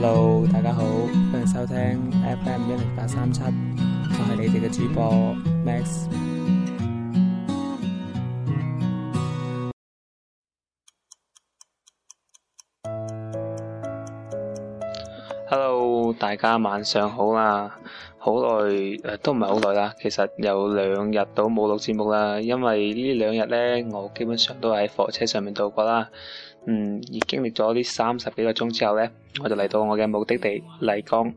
hello，大家好，歡迎收聽 FM 一零八三七，我係你哋嘅主播 Max。hello，大家晚上好啦，好耐、呃、都唔係好耐啦，其實兩有兩日都冇錄節目啦，因為兩呢兩日咧我基本上都喺火車上面度過啦。嗯，而經歷咗呢三十幾個鐘之後呢，我就嚟到我嘅目的地麗江。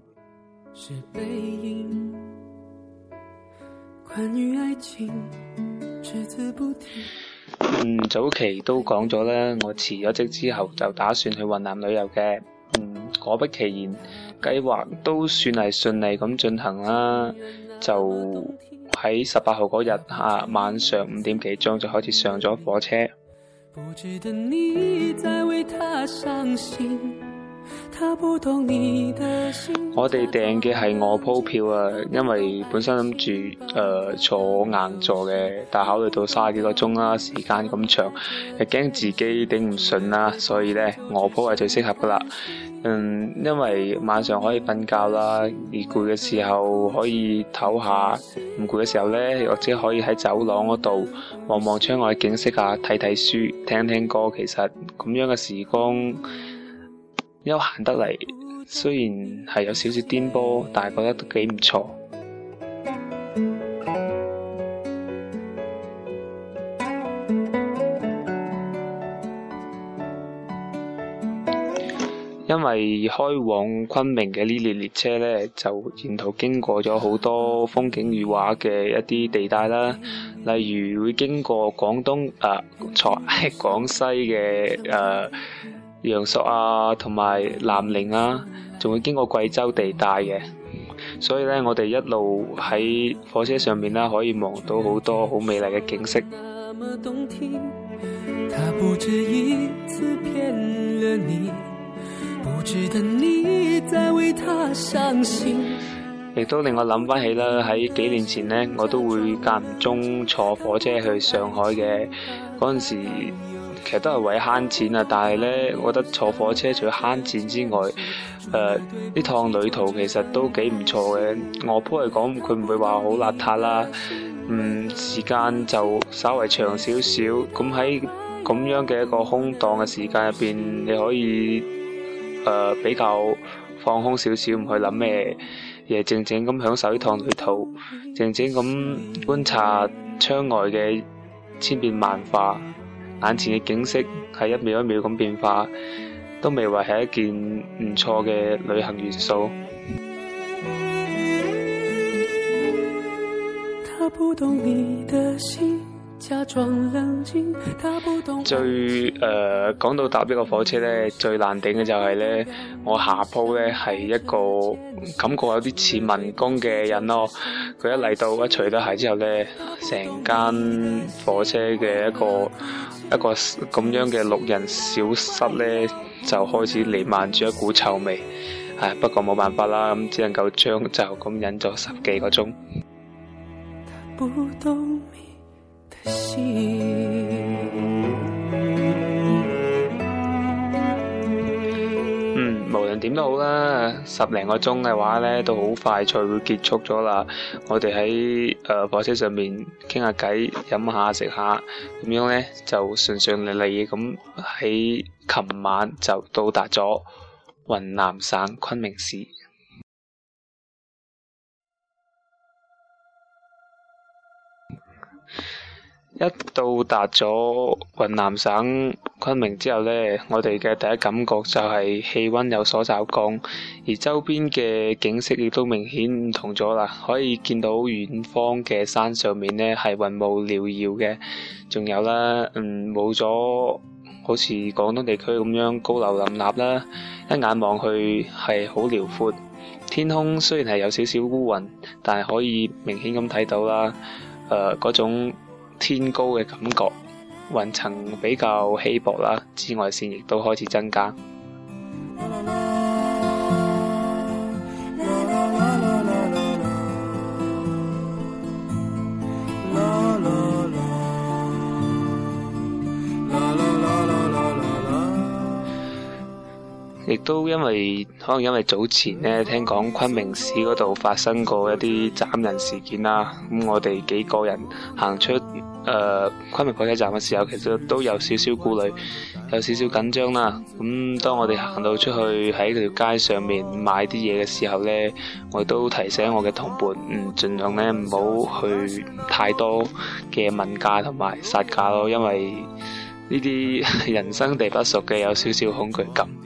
嗯，早期都講咗啦，我辭咗職之後就打算去雲南旅遊嘅。嗯，果不其然，計劃都算係順利咁進行啦。就喺十八號嗰日啊，晚上五點幾鐘就開始上咗火車。不值得你再為他傷心。嗯、我哋訂嘅係臥鋪票啊，因為本身諗住誒坐硬座嘅，但考慮到卅幾個鐘啦、啊，時間咁長，又驚自己頂唔順啦，所以咧臥鋪係最適合噶啦。嗯，因為晚上可以瞓覺啦，而攰嘅時候可以唞下，唔攰嘅時候咧，又或者可以喺走廊嗰度望望窗外景色啊，睇睇書，聽聽歌，其實咁樣嘅時光，悠閒得嚟，雖然係有少少顛簸，但係覺得都幾唔錯。因為開往昆明嘅呢列列車呢，就沿途經過咗好多風景如畫嘅一啲地帶啦，例如會經過廣東啊，錯、呃、喺 廣西嘅誒。呃陽朔啊，同埋南寧啊，仲會經過貴州地帶嘅，所以咧，我哋一路喺火車上面啦，可以望到好多好美麗嘅景色。亦、嗯、都令我諗翻起啦，喺幾年前呢，我都會間唔中坐火車去上海嘅嗰陣時。其實都係為慳錢啊！但係咧，我覺得坐火車除咗慳錢之外，誒、呃、呢趟旅途其實都幾唔錯嘅。臥鋪嚟講，佢唔會話好邋遢啦。嗯，時間就稍為長少少。咁喺咁樣嘅一個空檔嘅時間入邊，你可以誒、呃、比較放空少少，唔去諗咩嘢，而係靜靜咁享受呢趟旅途，靜靜咁觀察窗外嘅千變萬化。眼前嘅景色係一秒一秒咁變化，都未為係一件唔錯嘅旅行元素。最誒講到搭呢個火車咧，最難頂嘅就係咧，我下鋪咧係一個感覺有啲似民工嘅人咯。佢一嚟到，一除咗鞋之後咧，成間火車嘅一個。一個咁樣嘅六人小室呢，就開始瀰漫住一股臭味。唉，不過冇辦法啦，咁只能夠將就咁忍咗十幾個鐘。點都好啦，十零個鐘嘅話呢都好快就會結束咗啦。我哋喺誒火車上面傾下偈，飲下食下，咁樣呢就順順利利咁喺琴晚就到達咗雲南省昆明市。一到達咗雲南省。昆明之後呢，我哋嘅第一感覺就係氣温有所驟降，而周邊嘅景色亦都明顯唔同咗啦。可以見到遠方嘅山上面呢係雲霧繚繞嘅，仲有啦，嗯，冇咗好似廣東地區咁樣高樓林立啦，一眼望去係好遼闊。天空雖然係有少少烏雲，但係可以明顯咁睇到啦，誒、呃、嗰種天高嘅感覺。雲層比較稀薄啦，紫外線亦都開始增加。 亦都因為可能因為早前呢聽講昆明市嗰度發生過一啲斬人事件啦，咁我哋幾個人行出誒、呃、昆明火車站嘅時候，其實都有少少顧慮，有少少緊張啦。咁、嗯、當我哋行到出去喺條街上面買啲嘢嘅時候呢，我都提醒我嘅同伴，唔、嗯、盡量呢唔好去太多嘅問價同埋殺價咯，因為呢啲人生地不熟嘅有少少恐懼感。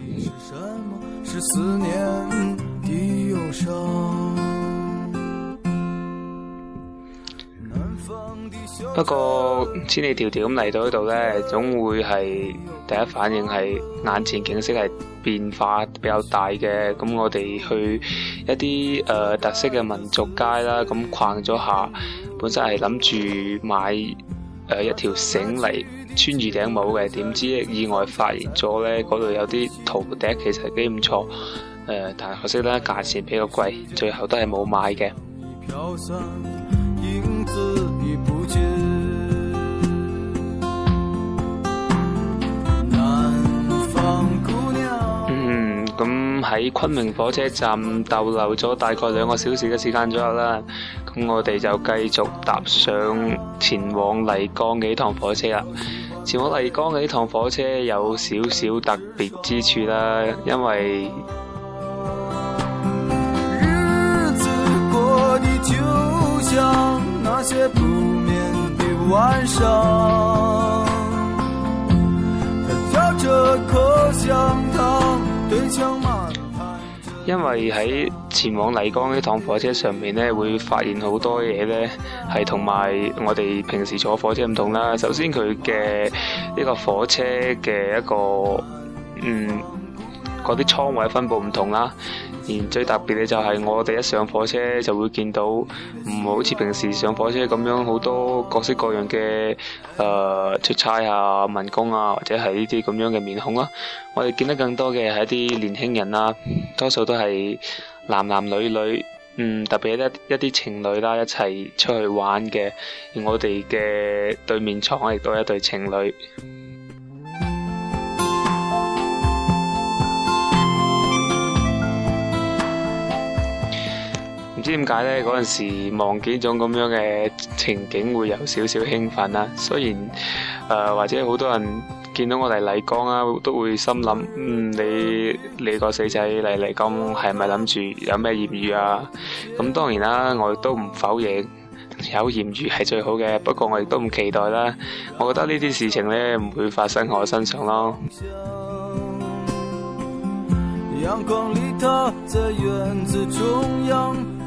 不過千里迢迢咁嚟到呢度呢，總會係第一反應係眼前景色係變化比較大嘅。咁我哋去一啲誒、呃、特色嘅民族街啦，咁逛咗下。本身係諗住買誒、呃、一條繩嚟穿住頂帽嘅，點知意外發現咗呢嗰度有啲圖釘，其實幾唔錯。誒、呃，但係可惜呢，價錢比較貴，最後都係冇買嘅。喺昆明火車站逗留咗大概兩個小時嘅時間左右啦，咁我哋就繼續搭上前往麗江嘅呢趟火車啦。前往麗江嘅呢趟火車有少少特別之處啦，因為。因為喺前往麗江呢趟火車上面咧，會發現好多嘢咧，係同埋我哋平時坐火車唔同啦。首先佢嘅呢個火車嘅一個嗯嗰啲艙位分佈唔同啦。然最特別嘅就係我哋一上火車就會見到，唔好似平時上火車咁樣好多各式各樣嘅誒、呃、出差啊民工啊或者係呢啲咁樣嘅面孔啦、啊。我哋見得更多嘅係一啲年輕人啦、啊，多數都係男男女女，嗯，特別一、啊、一啲情侶啦，一齊出去玩嘅。而我哋嘅對面牀亦都係一對情侶。唔知點解咧，嗰陣時望見，種咁樣嘅情景會有少少興奮啦。雖然誒，或者好多人見到我嚟麗江啊，都會心諗：，嗯，你你個死仔嚟麗江係咪諗住有咩艷遇啊？咁當然啦，我亦都唔否認有艷遇係最好嘅。不過我亦都唔期待啦。我覺得呢啲事情咧，唔會發生喺我身上咯。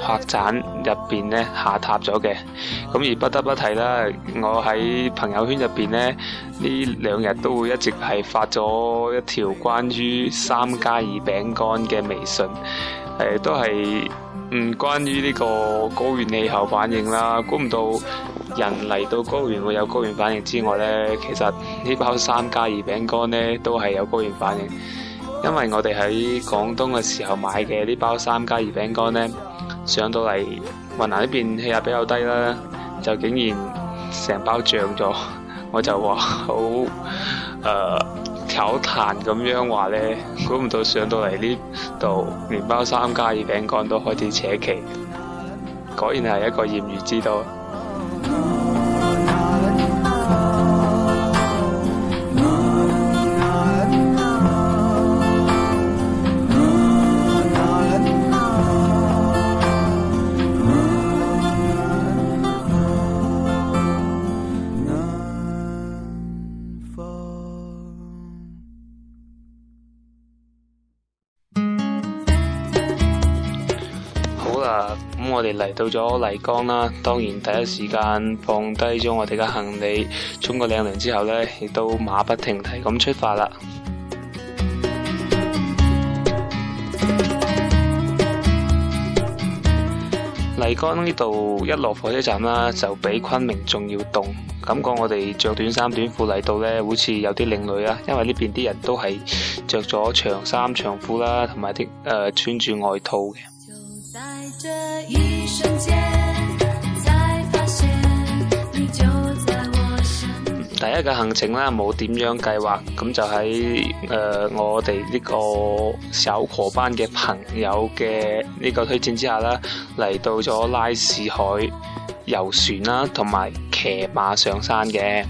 客棧入邊咧下榻咗嘅，咁而不得不提啦，我喺朋友圈入邊呢，呢兩日都會一直係發咗一條關於三加二餅乾嘅微信，誒、呃，都係嗯關於呢個高原氣候反應啦。估唔到人嚟到高原會有高原反應之外呢，其實呢包三加二餅乾呢，都係有高原反應，因為我哋喺廣東嘅時候買嘅呢包三加二餅乾呢。上到嚟雲南呢邊氣壓比較低啦，就竟然成包漲咗，我就話好誒調彈咁樣話咧，估唔到上到嚟呢度麵包三加二餅乾都開始扯旗，果然係一個艷遇之都。我哋嚟到咗麗江啦，當然第一時間放低咗我哋嘅行李，沖個靚涼之後呢，亦都馬不停蹄咁出發啦。麗江呢度一落火車站啦，就比昆明仲要凍，感覺我哋着短衫短褲嚟到呢，好似有啲另類啊，因為呢邊啲人都係着咗長衫長褲啦，同埋啲誒穿住外套嘅。第一個行程咧，冇點樣計劃，咁就喺誒、呃、我哋呢個小課班嘅朋友嘅呢個推薦之下啦，嚟到咗拉市海遊船啦，同埋騎馬上山嘅。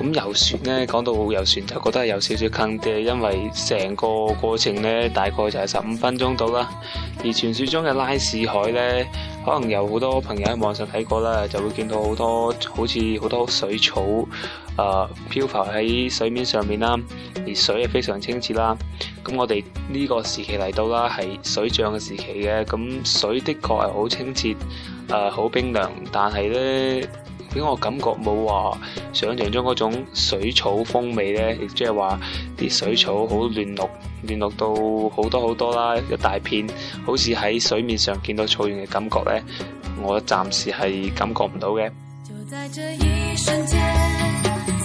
咁遊船咧，講到遊船就覺得有少少坑爹，因為成個過程咧，大概就係十五分鐘到啦。而傳說中嘅拉市海咧，可能有好多朋友喺網上睇過啦，就會見到多好多好似好多水草誒、呃、漂浮喺水面上面啦，而水係非常清澈啦。咁我哋呢個時期嚟到啦，係水漲嘅時期嘅，咁水的確係好清澈誒，好、呃、冰涼，但係咧。俾我感覺冇話想像中嗰種水草風味咧，亦即係話啲水草好嫩綠，嫩綠到好多好多啦，一大片，好似喺水面上見到草原嘅感覺咧，我暫時係感覺唔到嘅。就在這一瞬間，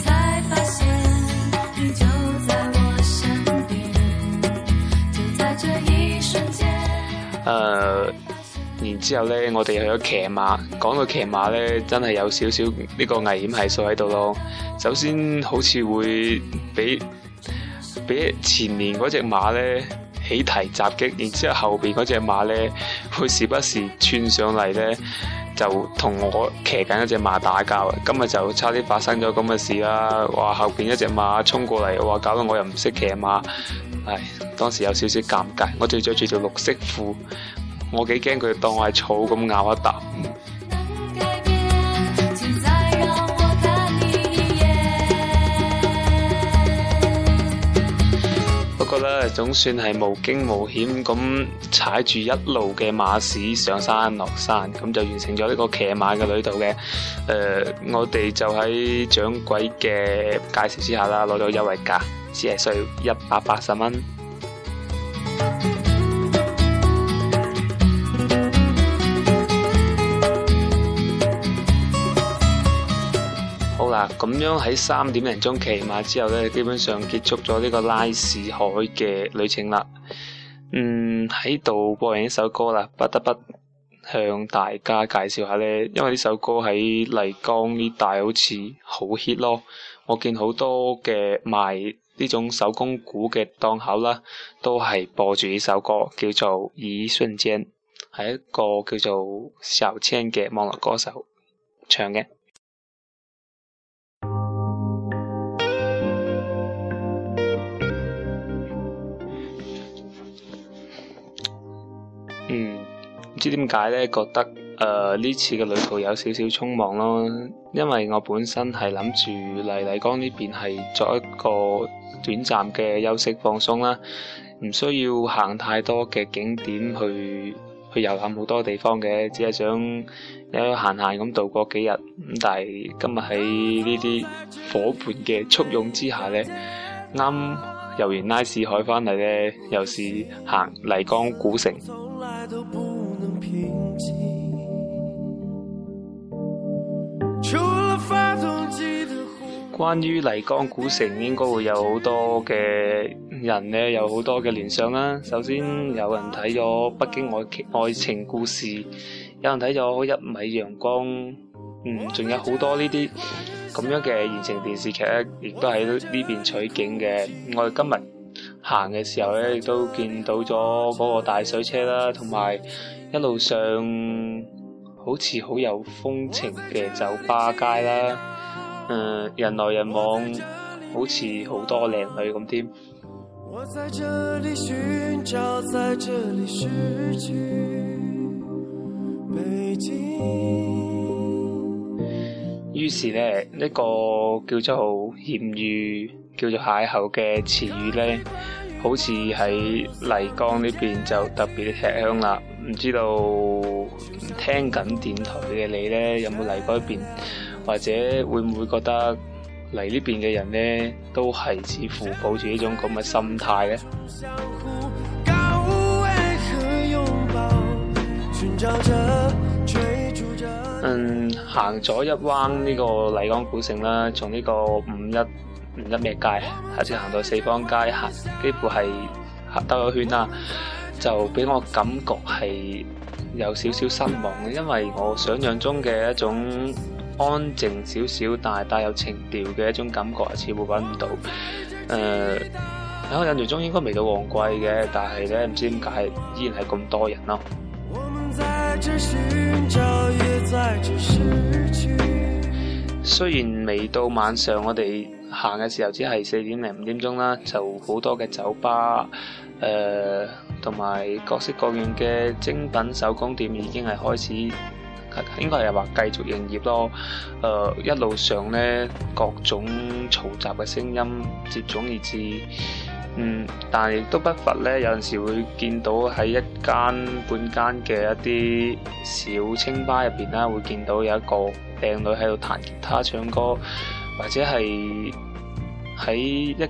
才發現你就在我身邊。就在這一瞬間。誒。Uh, 之後咧，我哋去咗騎馬。講到騎馬咧，真係有少少呢個危險係數喺度咯。首先，好似會俾俾前面嗰隻馬咧起蹄襲擊，然之後後邊嗰隻馬咧會時不時竄上嚟咧，就同我騎緊一隻馬打交。今日就差啲發生咗咁嘅事啦。哇，後邊一隻馬衝過嚟，哇，搞到我又唔識騎馬，唉，當時有少少尷尬。我仲着住條綠色褲。我幾驚佢當我係草咁咬一啖。不過咧，總算係無驚無險咁踩住一路嘅馬屎上山落山，咁就完成咗呢個騎馬嘅旅途嘅。誒、呃，我哋就喺掌櫃嘅介紹之下啦，攞咗優惠價，只係需要一百八十蚊。咁樣喺三點零鐘騎馬之後咧，基本上結束咗呢個拉市海嘅旅程啦。嗯，喺度播完一首歌啦，不得不向大家介紹下咧，因為呢首歌喺麗江呢帶好似好 hit 咯。我見好多嘅賣呢種手工鼓嘅檔口啦，都係播住呢首歌，叫做《一瞬間》，係一個叫做小千嘅網絡歌手唱嘅。知點解咧？覺得誒呢、呃、次嘅旅途有少少匆忙咯，因為我本身係諗住嚟麗江呢邊係作一個短暫嘅休息、放鬆啦，唔需要行太多嘅景點去去遊覽好多地方嘅，只係想有閒閒咁度過幾日。咁但係今日喺呢啲夥伴嘅簇擁之下咧，啱遊完拉市海翻嚟咧，又係行麗江古城。關於麗江古城，應該會有好多嘅人呢，有好多嘅聯想啦。首先有人睇咗《北京愛愛情故事》，有人睇咗《一米陽光》，嗯，仲有好多呢啲咁樣嘅言情電視劇咧，亦都喺呢邊取景嘅。我哋今日行嘅時候咧，亦都見到咗嗰個大水車啦，同埋。一路上好似好有風情嘅酒吧街啦，誒、嗯，人來人往，好似好多靚女咁添。 於是呢，呢、呢個叫做好艷遇、叫做邂逅嘅詞語咧，好似喺麗江呢邊就特別吃香啦。唔知道聽緊電台嘅你咧，有冇嚟過呢邊？或者會唔會覺得嚟呢邊嘅人咧，都係似乎抱住呢種咁嘅心態咧？嗯，行咗一彎呢個麗江古城啦，從呢個五一五一咩街，下次行到四方街，行幾乎係兜咗圈啦。就俾我感覺係有少少失望嘅，因為我想象中嘅一種安靜少少，但係帶有情調嘅一種感覺，似乎搵唔到。誒喺我印象中應該未到旺季嘅，但係咧唔知點解依然係咁多人咯。雖然未到晚上，我哋行嘅時候只係四點零五點鐘啦，就好多嘅酒吧誒。呃同埋各式各樣嘅精品手工店已經係開始，應該係話繼續營業咯。誒，一路上呢各種嘈雜嘅聲音接踵而至，嗯，但係亦都不乏呢有陣時會見到喺一間半間嘅一啲小清吧入邊啦，會見到有一個靚女喺度彈吉他唱歌，或者係喺一。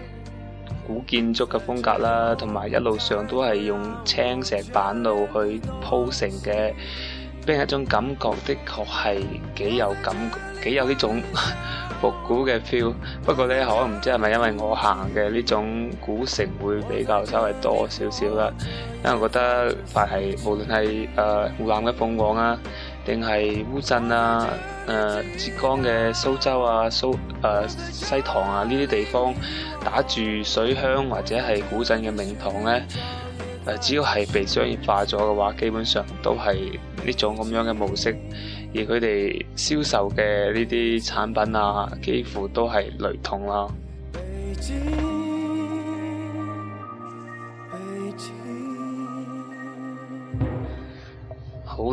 古建築嘅風格啦，同埋一路上都係用青石板路去鋪成嘅，俾人一種感覺，的確係幾有感，幾有呢種復古嘅 feel。不過呢，可能唔知係咪因為我行嘅呢種古城會比較稍微多少少啦，因為我覺得凡係無論係誒湖南嘅鳳凰啊，定係烏鎮啊、誒、呃、浙江嘅蘇州啊、蘇誒、呃、西塘啊呢啲地方，打住水鄉或者係古鎮嘅名堂咧，誒、呃、只要係被商業化咗嘅話，基本上都係呢種咁樣嘅模式，而佢哋銷售嘅呢啲產品啊，幾乎都係雷同啦。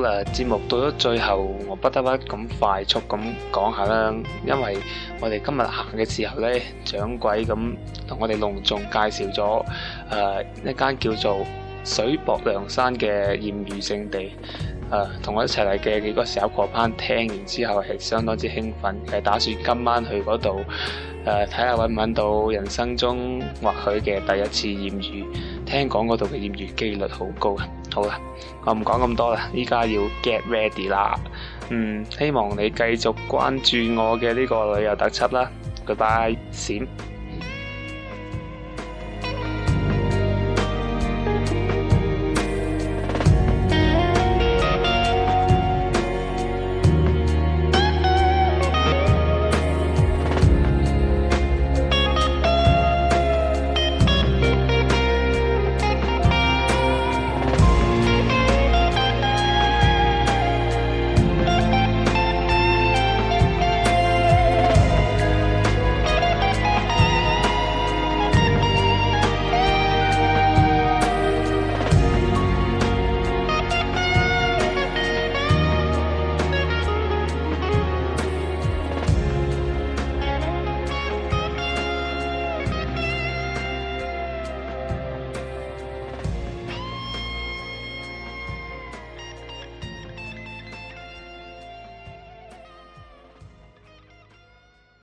誒、節目到咗最後，我不得不咁快速咁講下啦，因為我哋今日行嘅時候呢，掌櫃咁同我哋隆重介紹咗，誒、一間叫做水泊梁山嘅艷遇勝地。誒、同我一齊嚟嘅幾個小夥伴聽完之後係相當之興奮，係打算今晚去嗰度，誒、睇下揾唔揾到人生中或許嘅第一次艷遇。聽講嗰度嘅艷遇機率好高。好啦，我唔講咁多啦，依家要 get ready 啦。嗯，希望你繼續關注我嘅呢個旅遊特輯啦。Goodbye，閃。閃